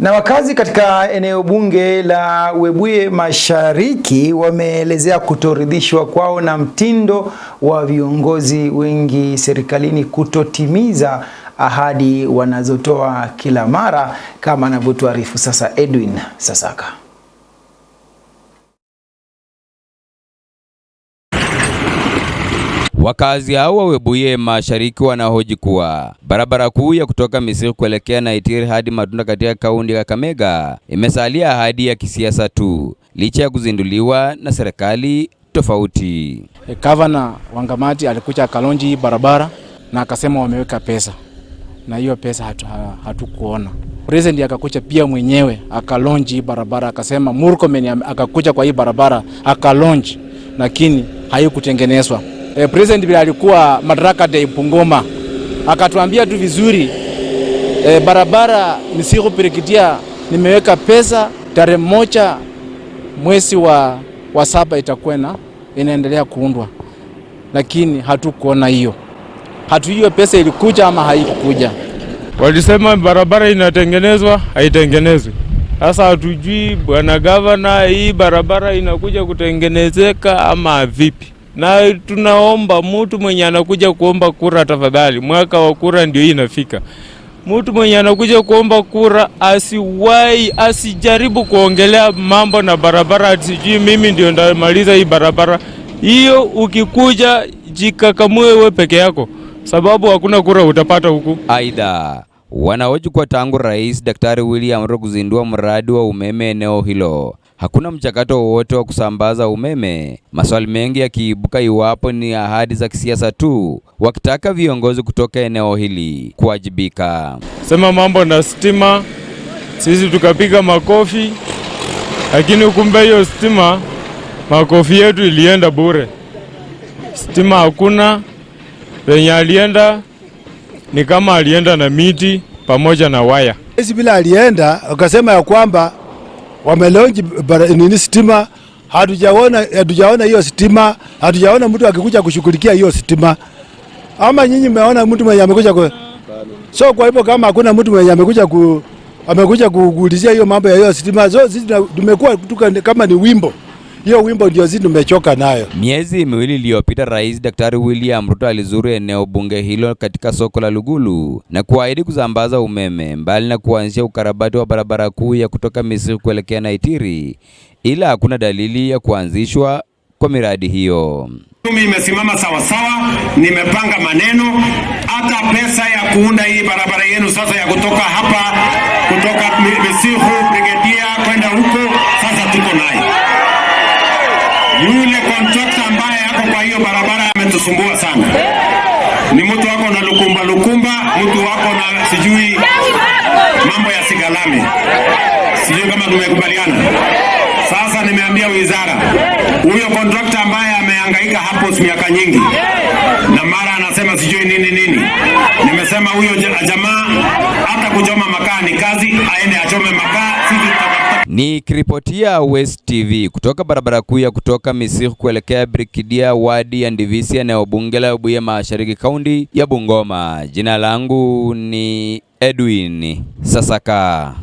Na wakazi katika eneo bunge la Webuye Mashariki wameelezea kutoridhishwa kwao na mtindo wa viongozi wengi serikalini kutotimiza ahadi wanazotoa kila mara kama anavyotuarifu sasa Edwin Sasaka. Wakazi hao wa Webuye Mashariki wanahoji kuwa barabara kuu ya kutoka Misiri kuelekea Naitiri hadi Matunda katika kaunti ya Kakamega imesalia ahadi ya kisiasa tu licha ya kuzinduliwa na serikali tofauti. Eh, gavana Wangamati alikuja akalonji hii barabara na akasema wameweka pesa na hiyo pesa hatukuona. Hatu president akakuja pia mwenyewe akalonji hii barabara akasema Murkomen akakuja kwa hii barabara akalonji, lakini haikutengenezwa eh, President bila alikuwa Madaraka Day Bungoma akatuambia tu vizuri eh, barabara msikupirikitia, nimeweka pesa tarehe moja mwezi wa, wa saba itakuwa inaendelea kuundwa, lakini hatukuona hiyo, hiyo pesa ilikuja ama haikukuja. Walisema barabara inatengenezwa, haitengenezwi. Sasa hatujui bwana gavana, hii barabara inakuja kutengenezeka ama vipi? na tunaomba mtu mwenye anakuja kuomba kura, tafadhali, mwaka wa kura ndio hii inafika. Mtu mwenye anakuja kuomba kura asiwai asijaribu kuongelea mambo na barabara, sijui mimi ndio ndamaliza hii barabara. Hiyo ukikuja jikakamue we peke yako, sababu hakuna kura utapata huku. Aidha, wanaojikwa tangu Rais Daktari William Ruto kuzindua mradi wa umeme eneo hilo Hakuna mchakato wowote wa kusambaza umeme, maswali mengi yakiibuka iwapo ni ahadi za kisiasa tu, wakitaka viongozi kutoka eneo hili kuwajibika. Sema mambo na stima, sisi tukapiga makofi, lakini kumbe hiyo stima, makofi yetu ilienda bure. Stima hakuna, penye alienda ni kama alienda na miti pamoja na waya. Sisi bila alienda ukasema ya kwamba wamelonji nini stima, hatujaona hatujaona hiyo stima, hatujaona mtu akikuja kushughulikia hiyo stima. Ama nyinyi mmeona mtu mwenye amekuja ku... so kwa hivyo kama hakuna mtu mwenye amekuja ku amekuja kuulizia hiyo mambo ya hiyo stima, so sisi tumekuwa kama ni wimbo hiyo wimbo ndio zi tumechoka nayo. Miezi miwili iliyopita, Rais Daktari William Ruto alizuru eneo bunge hilo katika soko la Lugulu na kuahidi kusambaza umeme mbali na kuanzisha ukarabati wa barabara kuu ya kutoka Misri kuelekea Naitiri, ila hakuna dalili ya kuanzishwa kwa miradi hiyo. Mimi imesimama sawasawa, nimepanga maneno, hata pesa ya kuunda hii barabara yenu sasa ya kutoka hapa kutoka Misihu Brigedia kwenda huko, sasa tuko nayo. Yule kontrakta ambaye yako kwa hiyo barabara ametusumbua sana, ni mtu wako na lukumba lukumba, mtu wako na sijui mambo ya sigalami, sijui kama tumekubaliana. Sasa nimeambia wizara, huyo kontrakta ambaye ameangaika hapo miaka nyingi na mara anasema sijui nini nini, nimesema huyo jamaa Nikiripotia West TV kutoka barabara kuu ya kutoka Misikhu kuelekea Brikidia wadi ya Ndivisi eneo bunge la Webuye Mashariki kaunti ya Bungoma. Jina langu ni Edwin Sasaka.